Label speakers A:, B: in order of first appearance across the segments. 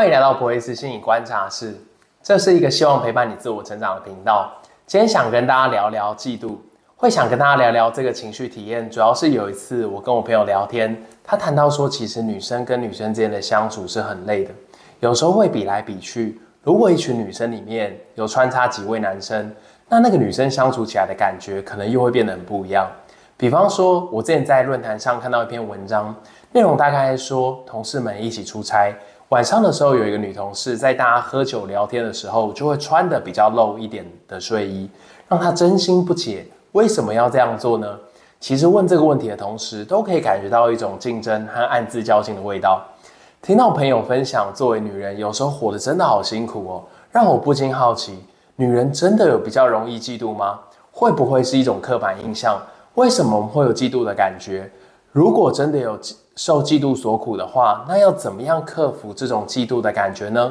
A: 歡迎來到博威斯心理觀察室，這是一個希望陪伴你自我成長的頻道。今天想跟大家聊聊嫉妒，會想跟大家聊聊這個情緒體驗，主要是有一次我跟我朋友聊天，他談到說，其實女生跟女生之間的相處是很累的，有時候會比來比去。如果一群女生裡面有穿插幾位男生，那那個女生相處起來的感覺可能又會變得很不一樣。比方說，我之前在論壇上看到一篇文章，內容大概說，同事們一起出差。晚上的時候，有一個女同事在大家喝酒聊天的時候，就會穿得比較露一點的睡衣，讓她真心不解為什麼要這樣做呢？其實問這個問題的同時，都可以感覺到一種競爭和暗自較勁的味道。聽到朋友分享，作為女人，有時候活得真的好辛苦哦、喔，讓我不禁好奇，女人真的有比較容易嫉妒嗎？會不會是一種刻板印象？為什麼會有嫉妒的感覺？如果真的有。受嫉妒所苦的話，那要怎麼樣克服這種嫉妒的感覺呢？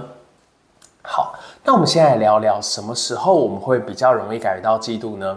A: 好，那我們先來聊聊，什麼時候我們會比較容易感覺到嫉妒呢？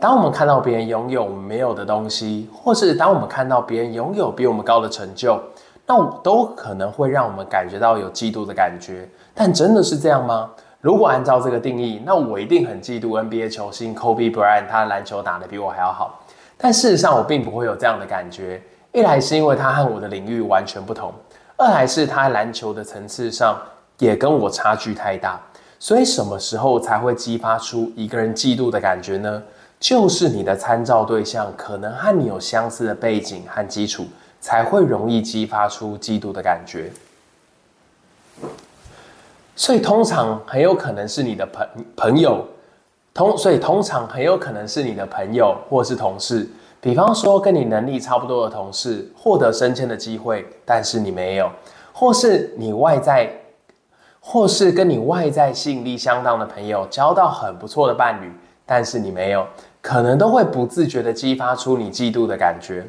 A: 當我們看到別人擁有我們沒有的東西，或是當我們看到別人擁有比我們高的成就，那我都可能會讓我們感覺到有嫉妒的感覺。但真的是這樣嗎？如果按照這個定義，那我一定很嫉妒 NBA 球星 Kobe Bryant，他籃球打得比我還要好。但事實上，我並不會有這樣的感覺。一來是因為他和我的領域完全不同，
B: 二來是
A: 他籃球的層次上也跟我差距太大，所以什麼時候才會激發出一個人嫉妒的感覺呢？就是你的參照對象可能和你有相似的背景和基礎，才會容易激發出嫉妒的感覺。所以通常很有可能是你的朋朋友，同所以通常很有可能是你的朋友或是同事。比方說，跟你能力差不多的同事獲得升遷的機會，但是你沒有；或是你外在，或是跟你外在吸引力相當的朋友交到很不錯的伴侶，但是你沒有，可能都會不自覺地激發出你嫉妒的感覺。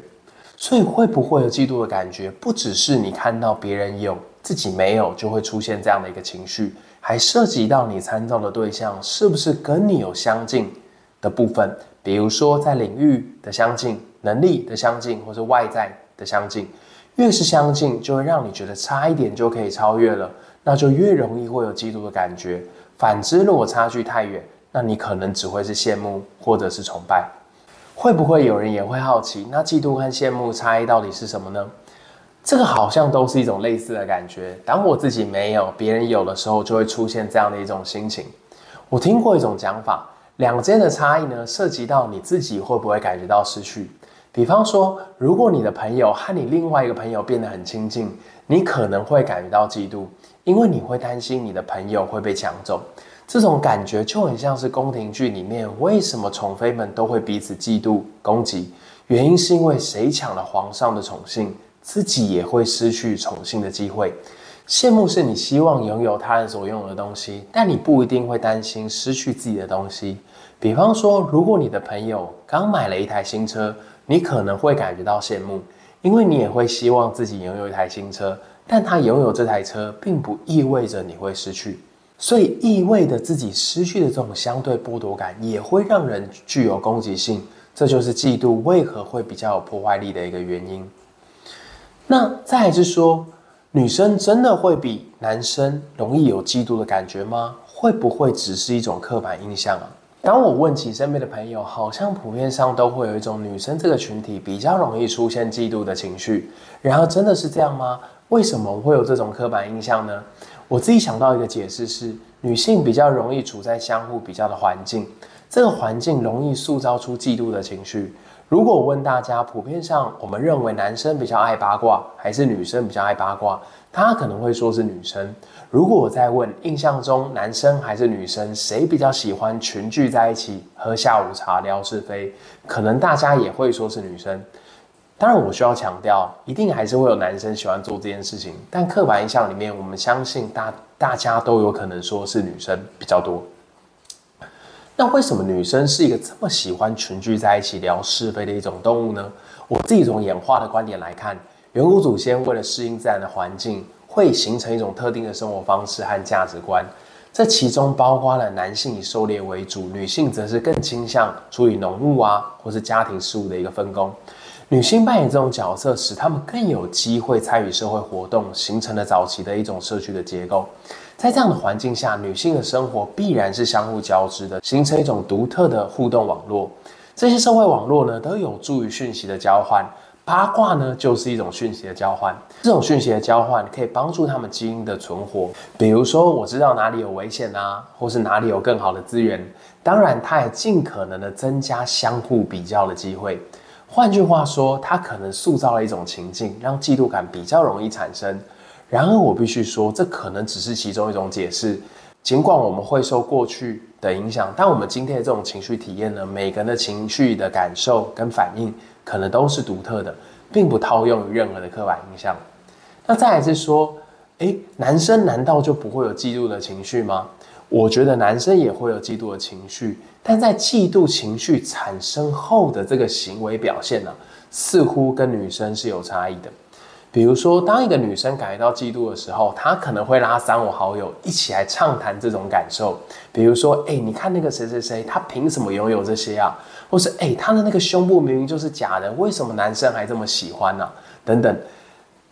A: 所以，會不會有嫉妒的感覺，不只是你看到別人有，自己沒有就會出現這樣的一個情緒，還涉及到你參照的對象是不是跟你有相近的部分。比如說，在領域的相近、能力的相近，或是外在的相近，越是相近，就會讓你覺得差一點就可以超越了，那就越容易會有嫉妒的感覺。反之，如果差距太遠，那你可能只會是羨慕或者是崇拜。會不會有人也會好奇，那嫉妒和羨慕差異到底是什麼呢？這個好像都是一種類似的感覺。當我自己沒有別人有的時候，就會出現這樣的一種心情。我聽過一種講法。兩個之間的差異呢，涉及到你自己會不會感覺到失去。比方說，如果你的朋友和你另外一個朋友變得很親近，你可能會感覺到嫉妒，因為你會擔心你的朋友會被搶走。這種感覺就很像是宮廷劇裡面，為什麼寵妃們都會彼此嫉妒攻擊？原因是因為誰搶了皇上的寵幸，自己也會失去寵幸的機會。羨慕是你希望擁有他人所擁有的東西，但你不一定會擔心失去自己的東西。比方說，如果你的朋友剛買了一台新車，你可能會感覺到羨慕，因為你也會希望自己擁有一台新車。但他擁有這台車，並不意味着你會失去，所以意味着自己失去的這種相對剝奪感，也會讓人具有攻擊性。這就是嫉妒為何會比較有破壞力的一個原因。那再來是說，女生真的會比男生容易有嫉妒的感覺嗎？會不會只是一種刻板印象啊？當我問起身邊的朋友，好像普遍上都會有一種女生這個群體比較容易出現嫉妒的情緒。然後真的是這樣嗎？為什麼會有這種刻板印象呢？我自己想到一個解釋是，女性比較容易處在相互比較的環境，這個環境容易塑造出嫉妒的情緒。如果我問大家，普遍上我們認為男生比較愛八卦，還是女生比較愛八卦？大家可能會說是女生。如果我再問，印象中男生還是女生誰比較喜歡群聚在一起喝下午茶、聊是非？可能大家也會說是女生。當然，我需要強調，一定還是會有男生喜歡做這件事情。但刻板印象裡面，我們相信大大家都有可能說是女生比較多。那為什麼女生是一個這麼喜歡群聚在一起聊是非的一種動物呢？我自己從演化的觀點來看，遠古祖先為了適應自然的環境，會形成一種特定的生活方式和價值觀。這其中包括了男性以狩獵為主，女性則是更傾向處理農務啊，或是家庭事務的一個分工。女性扮演這種角色，使她們更有機會參與社會活動，形成了早期的一種社區的結構。在這樣的環境下，女性的生活必然是相互交織的，形成一種獨特的互動網絡。這些社會網絡呢，都有助於訊息的交換。八卦呢，就是一種訊息的交換。這種訊息的交換可以幫助他們基因的存活。比如說，我知道哪裡有危險啊，或是哪裡有更好的資源。當然，它也儘可能的增加相互比較的機會。換句話說，它可能塑造了一種情境，讓嫉妒感比較容易產生。然而，我必須說，這可能只是其中一種解釋。儘管我們會受過去的影響，但我們今天的這種情緒體驗呢，每個人的情緒的感受跟反應，可能都是獨特的，並不套用任何的刻板印象。那再來是說，哎、欸，男生難道就不會有嫉妒的情緒嗎？我覺得男生也會有嫉妒的情緒，但在嫉妒情緒產生後的這個行為表現呢，似乎跟女生是有差異的。比如說，當一個女生感覺到嫉妒的時候，她可能會拉三五好友一起來暢談這種感受。比如說，欸，你看那個誰誰誰，她憑什麼擁有這些啊？或是，欸，她的那個胸部明明就是假的，為什麼男生還這麼喜歡呢？等等。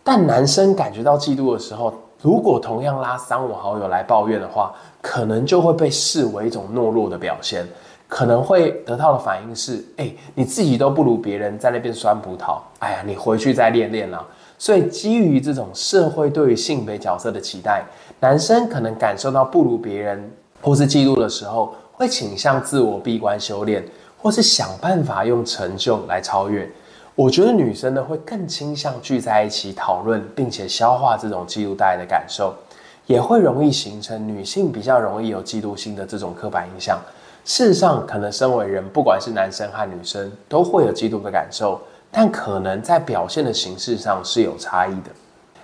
A: 但男生感覺到嫉妒的時候，如果同樣拉三五好友來抱怨的話，可能就會被視為一種懦弱的表現，可能會得到的反應是：欸，你自己都不如別人，在那邊酸葡萄。哎呀，你回去再練練啦。所以，基於這種社會對於性別角色的期待，男生可能感受到不如別人或是嫉妒的時候，會傾向自我閉關修煉，或是想辦法用成就來超越。我覺得女生呢，會更傾向聚在一起討論，並且消化這種嫉妒帶來的感受，也會容易形成女性比較容易有嫉妒心的這種刻板印象。事實上，可能身為人，不管是男生和女生，都會有嫉妒的感受。但可能在表現的形式上是有差異的。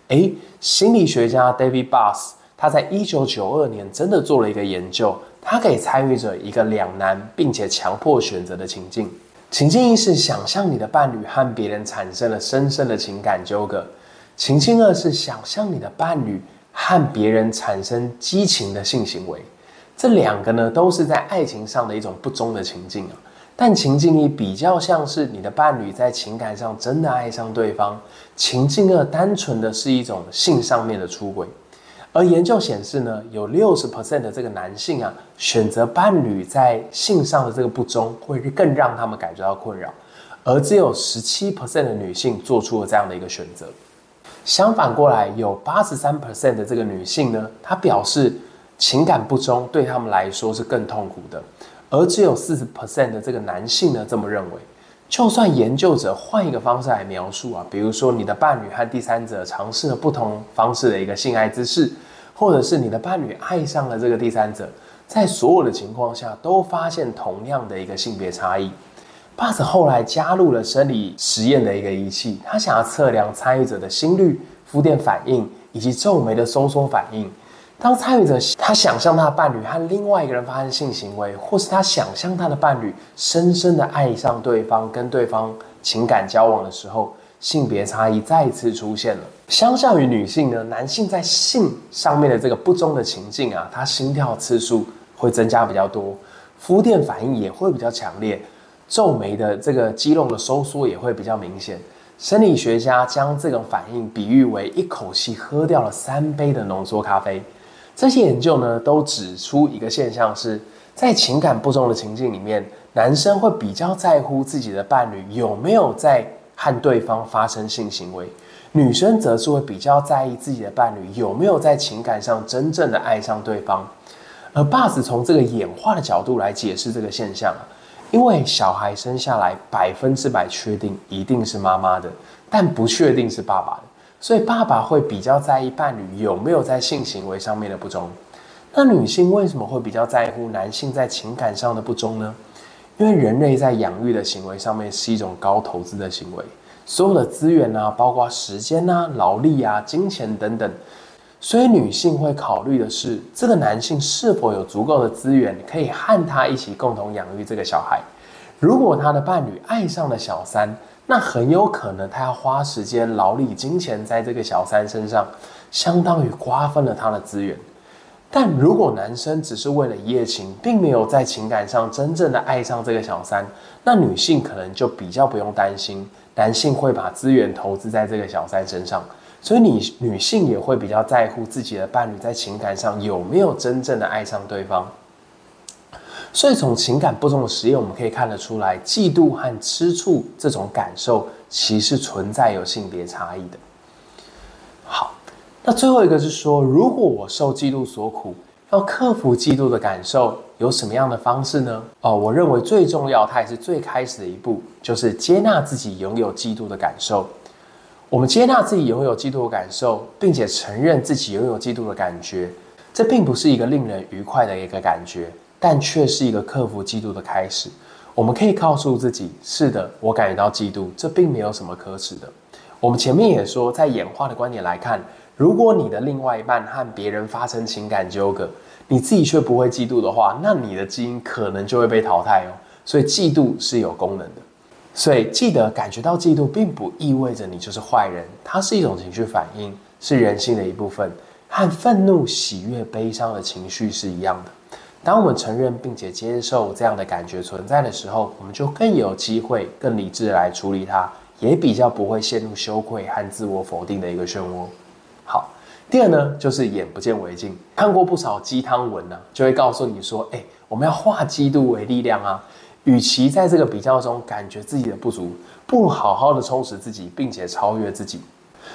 A: 誒，心理學家 David Boss 他在一九九二年真的做了一個研究，他給參與者一個兩難並且強迫選擇的情境。情境一是想象你的伴侶和別人產生了深深的情感糾葛，情境二是想象你的伴侶和別人產生激情的性行為。這兩個呢，都是在愛情上的一種不忠的情境啊。但情境一比較像是你的伴侶在情感上真的愛上對方，情境二單純的是一種性上面的出軌。而研究顯示呢，有六十 percent 的這個男性啊，選擇伴侶在性上的這個不忠，會更讓他們感覺到困擾，而只有十七 percent 的女性做出了這樣的一個選擇。相反過來，有八十三 percent 的這個女性呢，她表示情感不忠對他們來說是更痛苦的。而只有四十 percent 的這個男性呢，這麼認為。就算研究者換一個方式來描述啊，比如說你的伴侶和第三者嘗試了不同方式的一個性愛姿勢，或者是你的伴侶愛上了這個第三者，在所有的情況下都發現同樣的一個性別差異。巴斯後來加入了生理實驗的一個儀器，他想要測量參與者的心率、膚電反應以及皺眉的收縮反應。當參與者他想象他的伴侶和另外一個人發生性行為，或是他想象他的伴侶深深的愛上對方，跟對方情感交往的時候，性別差異再次出現了。相較於女性呢，男性在性上面的這個不忠的情境啊，他心跳次數會增加比較多，膚電反應也會比較強烈，皺眉的這個肌肉的收縮也會比較明顯。生理學家將這種反應比喻為一口氣喝掉了三杯的濃縮咖啡。這些研究呢，都指出一個現象是，在情感不忠的情境裡面，男生會比較在乎自己的伴侶有沒有在和對方發生性行為，女生則是會比較在意自己的伴侶有沒有在情感上真正的愛上對方。而巴斯從這個演化的角度來解釋這個現象啊，因為小孩生下來百分之百確定一定是媽媽的，但不確定是爸爸的。所以爸爸會比較在意伴侶有沒有在性行為上面的不忠，那女性為什麼會比較在乎男性在情感上的不忠呢？因為人類在養育的行為上面是一種高投資的行為，所有的資源啊，包括時間啊、勞力啊、金錢等等，所以女性會考慮的是這個男性是否有足夠的資源可以和他一起共同養育這個小孩。如果他的伴侶愛上了小三。那很有可能他要花時間、勞力、金錢在這個小三身上，相當於瓜分了他的資源。但如果男生只是為了一夜情，並沒有在情感上真正的愛上這個小三，那女性可能就比較不用擔心男性會把資源投資在這個小三身上，所以你女性也會比較在乎自己的伴侶在情感上有沒有真正的愛上對方。所以，從情感不同的實驗，我們可以看得出來，嫉妒和吃醋這種感受其實存在有性別差異的。好，那最後一個是說，如果我受嫉妒所苦，要克服嫉妒的感受，有什麼樣的方式呢？哦，我認為最重要，它也是最開始的一步，就是接納自己擁有嫉妒的感受。我們接納自己擁有嫉妒的感受，並且承認自己擁有嫉妒的感覺，這並不是一個令人愉快的一個感覺。但卻是一個克服嫉妒的開始。我們可以告訴自己，是的，我感覺到嫉妒，這並沒有什麼可恥的。我們前面也說，在演化的觀點來看，如果你的另外一半和別人發生情感糾葛，你自己卻不會嫉妒的話，那你的基因可能就會被淘汰哦。所以，嫉妒是有功能的。所以，記得感覺到嫉妒，並不意味着你就是壞人。它是一種情緒反應，是人性的一部分，和憤怒、喜悅、悲傷的情緒是一樣的。當我們承認並且接受這樣的感覺存在的時候，我們就更有機會更理智的來處理它，也比較不會陷入羞愧和自我否定的一個漩渦。好，第二呢，就是眼不見為淨。看過不少雞湯文呢、啊，就會告訴你說，誒、欸，我們要化嫉妒為力量啊。與其在這個比較中感覺自己的不足，不如好好的充實自己，並且超越自己。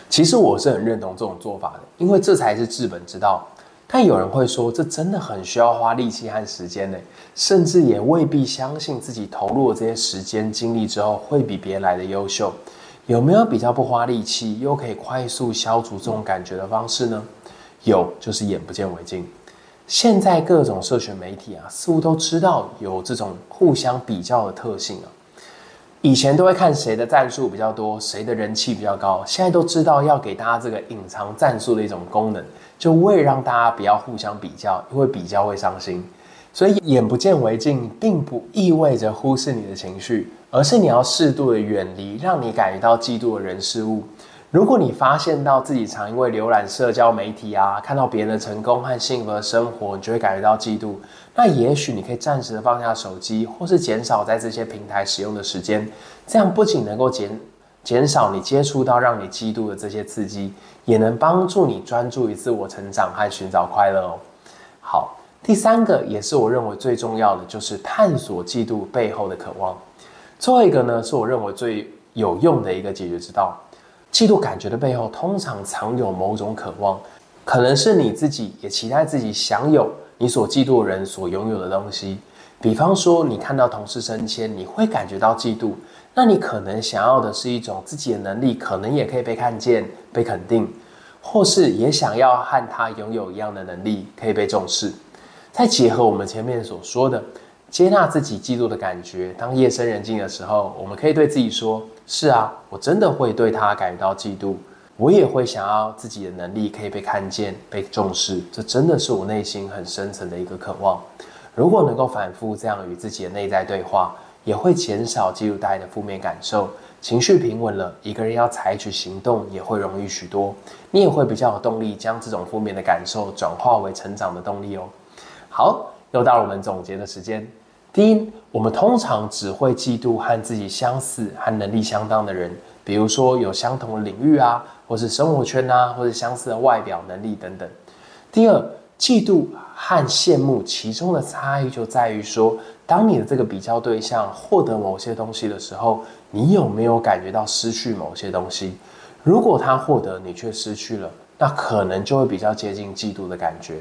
A: 其實我是很認同這種做法的，因為這才是治本之道。但有人會說，這真的很需要花力氣和時間呢、欸，甚至也未必相信自己投入了這些時間精力之後，會比別人來的優秀。有沒有比較不花力氣，又可以快速消除這種感覺的方式呢？有，就是眼不見為淨。現在各種社群媒體啊，似乎都知道有這種互相比較的特性啊。以前都會看誰的讚數比較多，誰的人氣比較高，現在都知道要給大家這個隱藏讚數的一種功能。就為了讓大家不要互相比較，因為比較會傷心。所以眼不見為淨，並不意味着忽視你的情緒，而是你要適度的遠離讓你感覺到嫉妒的人事物。如果你發現到自己常因為瀏覽社交媒體啊，看到別人的成功和幸福的生活，你就會感覺到嫉妒。那也許你可以暫時的放下手機，或是減少在這些平台使用的時間。這樣不僅能夠減減少你接觸到讓你嫉妒的這些刺激，也能幫助你專注於自我成長和尋找快樂哦。好，第三個也是我認為最重要的，就是探索嫉妒背後的渴望。最後一個呢，是我認為最有用的一個解決之道。嫉妒感覺的背後，通常藏有某種渴望，可能是你自己也期待自己享有你所嫉妒的人所擁有的東西。比方說，你看到同事升遷，你會感覺到嫉妒。那你可能想要的是一種自己的能力，可能也可以被看見、被肯定，或是也想要和他擁有一樣的能力，可以被重視。再結合我們前面所說的，接納自己嫉妒的感覺。當夜深人靜的時候，我們可以對自己說：“是啊，我真的會對他感覺到嫉妒，我也會想要自己的能力可以被看見、被重視，這真的是我內心很深層的一個渴望。”如果能夠反復這樣與自己的內在對話。也會減少嫉妒帶來的負面感受，情緒平穩了，一個人要採取行動也會容易許多。你也會比較有動力，將這種負面的感受轉化為成長的動力哦。好，又到了我們總結的時間。第一，我們通常只會嫉妒和自己相似、和能力相當的人，比如說有相同的領域啊，或是生活圈啊，或是相似的外表、能力等等。第二，嫉妒和羨慕其中的差異就在於說。當你的這個比較對象獲得某些東西的時候，你有沒有感覺到失去某些東西？如果他獲得，你卻失去了，那可能就會比較接近嫉妒的感覺。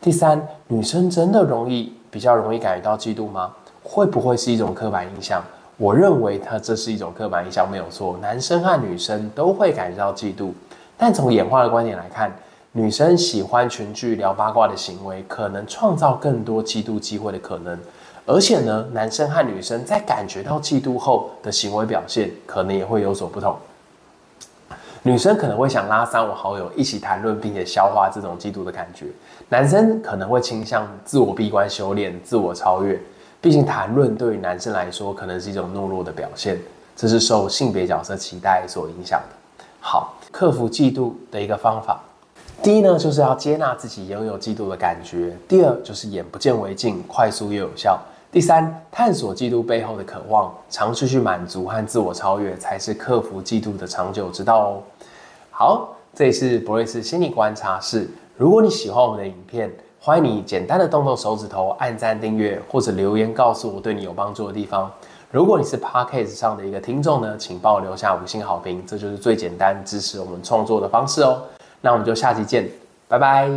A: 第三，女生真的容易比較容易感覺到嫉妒嗎？會不會是一種刻板印象？我認為她這是一種刻板印象沒有錯。男生和女生都會感覺到嫉妒，但從演化的觀點來看，女生喜歡群聚聊八卦的行為，可能創造更多嫉妒機會的可能。而且呢，男生和女生在感覺到嫉妒後的行為表現可能也會有所不同。女生可能會想拉三五好友一起談論，並且消化這種嫉妒的感覺；男生可能會傾向自我閉關修煉、自我超越。畢竟談論對於男生來說可能是一種懦弱的表現，這是受性別角色期待所影響的。好，克服嫉妒的一個方法，
B: 第一呢
A: 就是要接納自己擁有嫉妒的感覺；第二就是眼不見為淨，快速又有效。第三，探索嫉妒背後的渴望，嘗試去滿足和自我超越，才是克服嫉妒的長久之道哦、喔。好，這裡是博瑞斯心理觀察室。如果你喜歡我們的影片，歡迎你簡單的動動手指頭按讚，按讚訂閱或者留言告訴我對你有幫助的地方。如果你是 Podcast 上的一個聽眾呢，請幫我留下五星好評，這就是最簡單支持我們創作的方式哦、喔。那我們就下期見，拜拜。